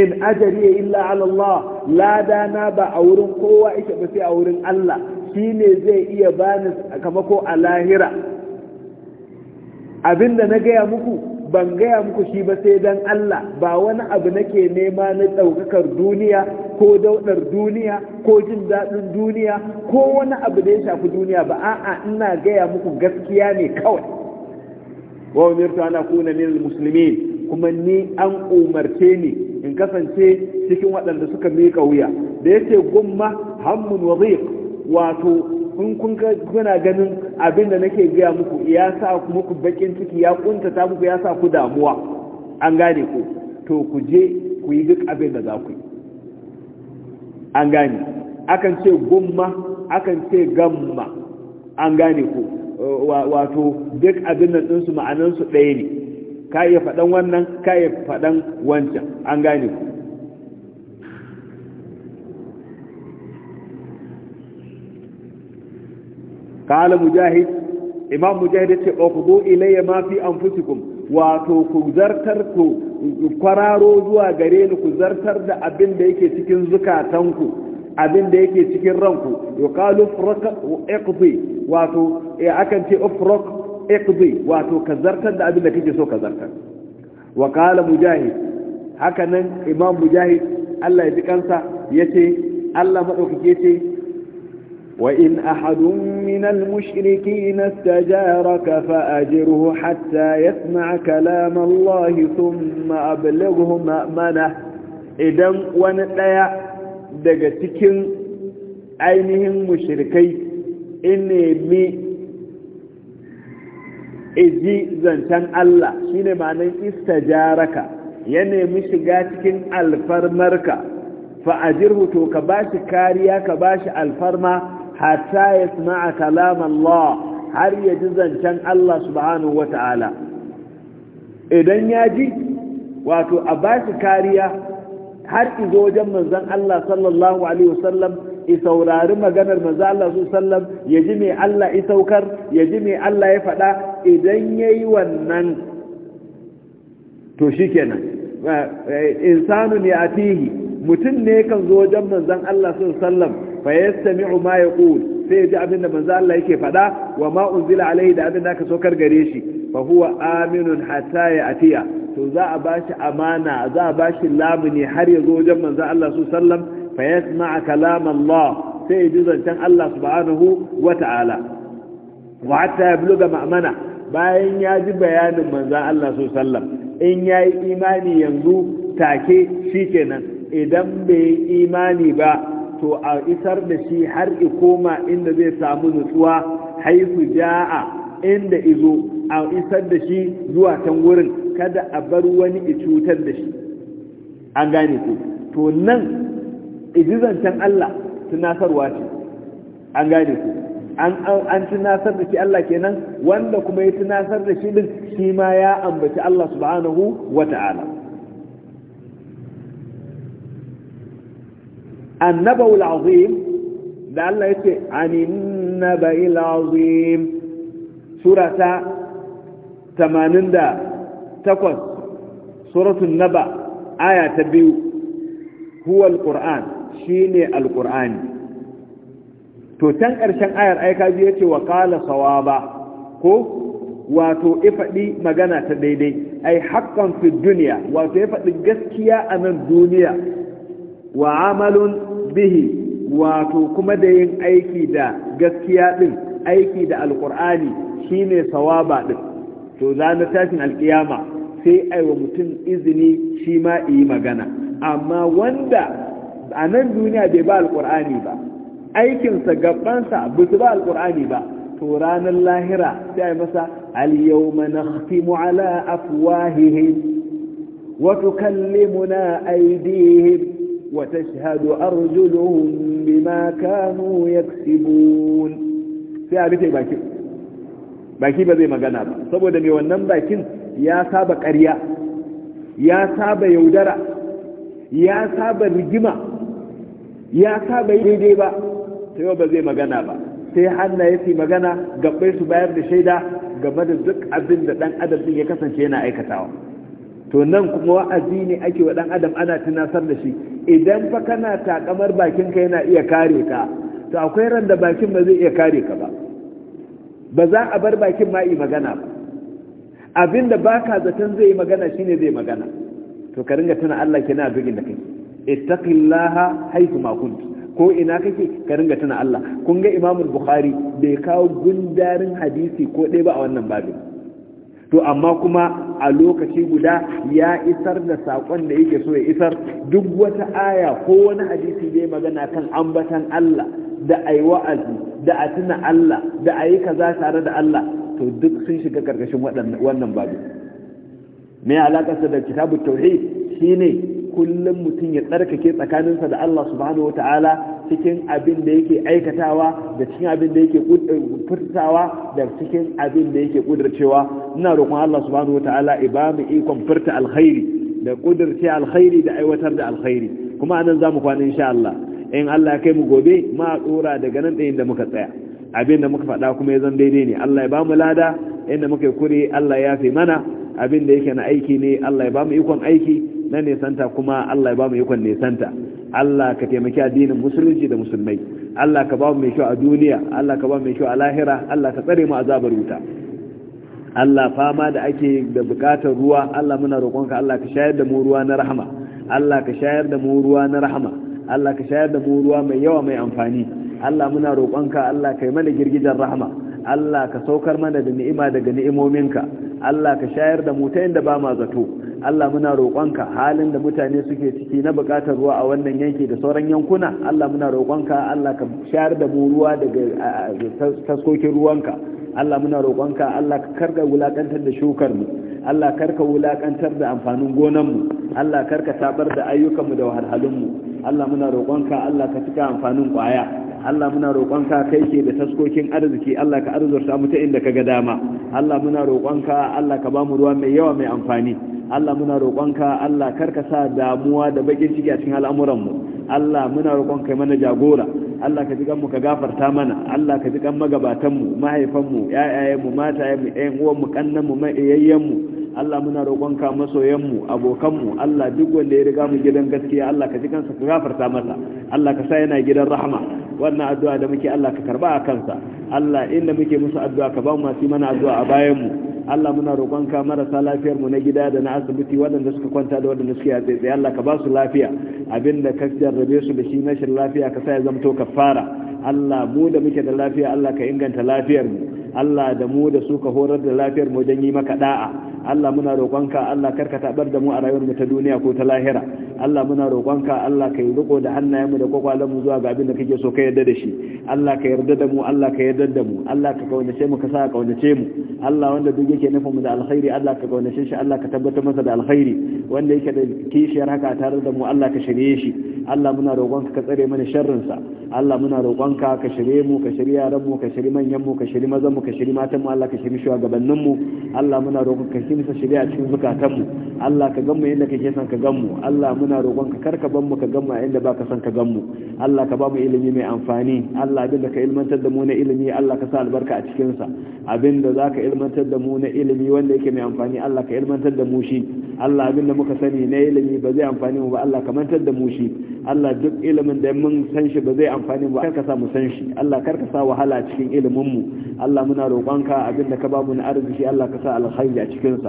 in ajari illa ala Allah lada na ba a wurin kowa yake ba sai a wurin Allah shine zai iya bani sakamako a lahira Abin da na gaya muku ban gaya muku shi ba sai dan Allah ba wani abu nake nema na ɗaukakar duniya ko daudar duniya ko jin daɗin duniya ko wani abu da ya shafi duniya ba a'a ina gaya muku gaskiya ne kawai wa umirtu an akuna min muslimin kuma ni an umarce ni in kasance cikin waɗanda suka miƙa wuya da yace gumma hammun wadhiq wato in kun kuna ganin abin da nake biya muku ya sa muku bakin ciki ya kuntata muku ya sa ku damuwa an gane ku to ku je ku yi duk abin da za ku yi an gane akan ce gumma akan ce gamma an gane ku wato duk abin nan ɗinsu ma'anansu ɗaya ne ka iya faɗan wannan ka iya faɗan wancan an gane ku kala mujahid imam mujahid ya ce ɓaɓɓo ilayya ma fi anfusikum wato ku zartar ku kwararo zuwa gare ni ku zartar da abin da yake cikin zukatanku abin da yake cikin ranku yuqalu farqa iqdi wato eh akan ce wato ka zartar da abin da kake so ka zartar wa mujahid haka nan imam mujahid Allah ya ji kansa yace Allah madaukake ce وإن أحد من المشركين استجارك فأجره حتى يسمع كلام الله ثم أبلغه idan wani ɗaya. daga cikin ainihin mushrikai in nemi iji zancen Allah shine ma'anin istajaraka ya nemi shiga cikin alfarmarka fa'ajirhu to ka ba shi kariya ka ba shi alfarma hatta ya sama'a kalam Allah har ya ji zancen Allah subhanahu wata'ala idan ya ji wato a ba shi kariya har izo wajen manzan Allah sallallahu alaihi wasallam i saurari maganar manzan Allah sallallahu ya ji me Allah i saukar ya ji me Allah ya faɗa idan yayi wannan to shikenan eh, insanun ya atihi mutum ne kan zo wajen manzan Allah sallallahu fa yastami'u ma yaqul sai ya ji abin da Allah yake faɗa wa ma unzila alaihi da abin da aka saukar gare shi fa huwa aminun hatta ya atiya to za a bashi amana za a bashi lamuni har ya zo wajen manzo Allah su sallam fa yasma kalam Allah sai ya ji zancen Allah subhanahu wa ta'ala wa hatta ya buluga ma'mana bayan ya ji bayanin manzan Allah su sallam in yayi imani yanzu take kenan idan bai imani ba to a isar da shi har i koma inda zai samu nutsuwa haifu ja'a inda izo a isar da shi zuwa can wurin kada a bar wani ya cutar da shi an gane ku to nan ijizantan Allah tunasarwa ce an gane ku an tunasar da shi Allah kenan wanda kuma ya tunasar da shi din shi ma ya ambaci Allah subhanahu wa ta'ala annabawul azim da Allah yake anin naba'il azim surata 87 takwas suratun naba aya ta biyu huwa alƙur'an shi ne alƙur'ani to can ƙarshen ayar aika ji ya ce wa sawa sawaba ko wato ya magana ta daidai ai haƙƙan fi duniya wato ya faɗi gaskiya a nan duniya wa amalun bihi wato kuma da yin aiki da gaskiya ɗin aiki da alƙur'ani shine sawaba ɗin to na tashin alkiyama sai aiwa mutum izini shi ma yi magana amma wanda a nan duniya bai ba alkur'ani ba aikinsa gabansa ba su ba alkur'ani ba to ranar lahira sai a masa alyawma nakhtimu ala afwahihim wa tukallimuna aydihim wa tashhadu arjuluhum bima kanu yaksibun sai a bi baki. baki ba zai magana ba saboda mai wannan bakin ya saba ƙarya ya saba yaudara ya saba rigima ya saba daidai ba sai ba zai magana ba sai hannu ya fi magana gabbai su bayar da shaida game da duk abin da dan adam ɗin ya kasance yana aikatawa to nan kuma wa'azi ne ake wa ɗan adam ana tunasar da shi idan fa kana takamar bakinka yana iya kare ka to akwai randa bakin ba zai iya kare ka ba ba za a bar bakin ma yi magana ba abinda baka zaton zai yi magana shine zai magana to ka ringa tana Allah ke na bugin da kai ittaqillaha haythu ma kunt ko ina kake ka ringa tana Allah kun ga Imam Bukhari bai kawo gundarin hadisi ko dai ba a wannan babu to amma kuma a lokaci guda ya isar da sakon da yake so ya isar duk wata aya ko wani hadisi dai magana kan ambatan Allah da ayi wa'azi da a tuna Allah da a yi kaza tare da Allah to duk sun shiga karkashin wannan babu me alakarsa da kitabu tauhid shine kullum mutum ya tsarkake tsakaninsa da Allah subhanahu wataala cikin abin da yake aikatawa da cikin abin da yake eh, furtawa da cikin abin da yake kudurcewa ina roƙon Allah subhanahu wataala ya ba ikon furta alkhairi da kudurce alkhairi da aiwatar da alkhairi kuma anan zamu kwana insha Allah in Allah ya kai mu gobe ma tsora daga nan ɗayin da muka tsaya abin da muka faɗa kuma ya zan daidai ne Allah ya ba mu lada inda muka kure Allah ya fi mana abin da yake na aiki ne Allah ya ba mu ikon aiki na nesanta kuma Allah ya ba mu ikon nesanta Allah ka taimaki addinin musulunci da musulmai Allah ka ba mu mai kyau a duniya Allah ka ba mu mai kyau a lahira Allah ka tsare mu azabar wuta Allah fama da ake da bukatar ruwa Allah muna roƙonka Allah ka shayar da mu ruwa na rahama Allah ka shayar da mu ruwa na rahama Allah ka shayar da mu ruwa mai yawa mai amfani Allah muna roƙonka Allah kai mana girgijar rahama Allah ka saukar mana da ni'ima daga ni'imominka Allah ka shayar da mu ta inda ba ma zato Allah muna roƙonka halin da mutane suke ciki na buƙatar ruwa a wannan yanki da sauran yankuna Allah muna roƙonka Allah ka shayar da mu ruwa daga taskokin ruwanka Allah muna roƙonka Allah ka karka wulaƙantar da shukar mu Allah karka wulaƙantar da amfanin gonan mu Allah karka tabar da ayyukan mu da wahalhalun mu Allah muna roƙonka Allah ka cika amfanin ƙwaya. Allah muna roƙonka kai ke da taskokin arziki Allah ka arzurta mu ta inda ka ga dama Allah muna roƙonka Allah ka ba mu ruwa mai yawa mai amfani Allah muna roƙonka Allah karka sa damuwa da bakin ciki a cikin al'amuran mu Allah muna roƙon kai mana jagora Allah ka ji mu ka gafarta mana Allah ka ji kan magabatan mu mahaifan mu yayayen mu matayen mu uwan mu kannan mu maiyayyen mu Allah muna roƙon ka masoyan mu abokan mu Allah duk wanda ya riga mu gidan gaskiya Allah ka ji kansa ka gafarta masa Allah ka sa yana gidan rahama wannan addu'a da muke Allah ka karba a kansa Allah inda muke musu addu'a ka ba mu masu mana addu'a a bayan mu Allah muna roƙonka marasa lafiyar mu na gida da na asibiti waɗanda suka kwanta da waɗanda suke tsaye Allah ka ba su lafiya abinda ka jarrabe su da shi na lafiya ka sa ya zamto kafara Allah mu da muke da lafiya Allah ka inganta lafiyar mu Allah da mu da su ka horar da lafiyar mu don yi maka da'a Allah muna roƙonka Allah Kar ka tabar da mu a rayuwar mu ta duniya ko ta lahira Allah muna roƙonka Allah ka yi riko da hannayen mu da kwakwalen mu zuwa ga abin da kake so ka yarda da shi Allah ka yarda da mu Allah ka yarda da mu Allah ka kaunace mu ka sa kaunace mu Allah wanda duk yake nufin mu da alkhairi Allah ka kaunace shi Allah ka tabbatar masa da alkhairi wanda yake da kishiyar haka tare da mu Allah ka shirye shi Allah muna roƙonka ka tsare mana sharrin sa Allah muna roƙonka ka shirye mu ka shirye yaran mu ka shirye manyan mu ka shirye mazan mu ka shirye matan mu Allah ka shirye shugabannin mu Allah muna roƙonka su bisa shari'a cikin zukatanmu Allah ka gamu inda kake son ka gamu Allah muna roƙon ka kar ka ban mu ka gamu a inda baka son ka gamu Allah ka ba mu ilimi mai amfani Allah abin da ka ilmantar da mu na ilimi Allah ka sa albarka a cikin sa abin da zaka ilmantar da mu na ilimi wanda yake mai amfani Allah ka ilmantar da mu shi Allah abin da muka sani na ilimi ba zai amfani mu ba Allah ka mantar da mu shi Allah duk ilimin da mun san shi ba zai amfani mu ba ka sa mu san shi Allah ka sa wahala cikin ilimin mu Allah muna roƙonka abin da ka ba mu na arziki Allah ka sa alkhairi a cikin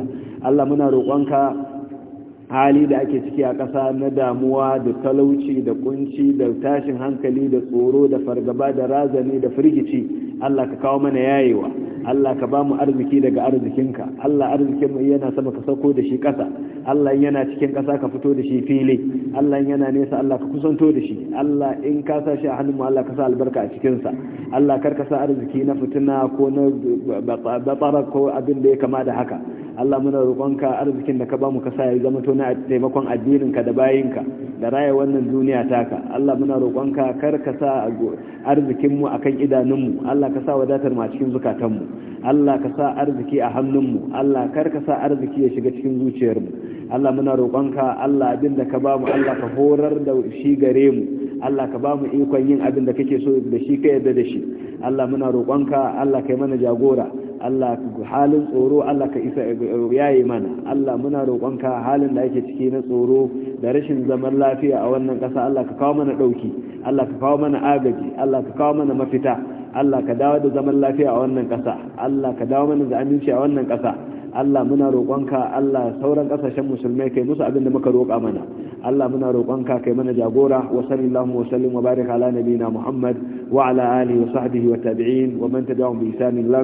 Allah muna roƙonka hali da ake ciki a ƙasa na damuwa da talauci da kunci da tashin hankali da tsoro da fargaba da razani da firgici Allah ka kawo mana yayewa Allah ka ba mu arziki daga arzikinka Allah arzikin mu yana sama ka sauko da shi ƙasa Allah yana cikin ƙasa ka fito da shi fili Allah yana nesa Allah ka kusanto da shi Allah in ka sa shi a hannun mu Allah ka sa albarka a cikin sa Allah kar ka sa arziki na fitina ko na batsara ko abin da ya kama da haka Allah muna roƙonka arzikin da ka ba mu ka sa ya zama to na taimakon addinin ka da bayinka da raya wannan duniya taka Allah muna roƙonka kar ka sa arzikin mu akan idanun mu Allah ka sa wadatar mu a cikin zukatan mu Allah ka sa arziki a hannunmu Allah kar ka sa arziki ya shiga cikin zuciyarmu Allah muna roƙonka Allah abin da ka bamu Allah ka horar da shi gare mu Allah ka ba mu ikon yin abin da kake so da shi ka yarda da shi Allah muna roƙonka Allah kai mana jagora Allah halin tsoro Allah ka isa yayi mana Allah muna roƙonka halin da ake ciki na tsoro da rashin zaman lafiya a wannan ƙasa Allah ka kawo mana ɗauki Allah ka kawo mana agaji Allah ka kawo mana mafita Allah ka dawo da zaman lafiya a wannan ƙasa Allah ka dawo mana da aminci a wannan ƙasa Allah muna roƙonka Allah sauran ƙasashen musulmai kai musu abin da muka roƙa mana Allah muna roƙonka kai mana jagora wa sallallahu wa sallim wa barik ala nabiyina Muhammad wa ala alihi wa sahbihi wa tabi'in wa man tabi'ahum bi ihsan ila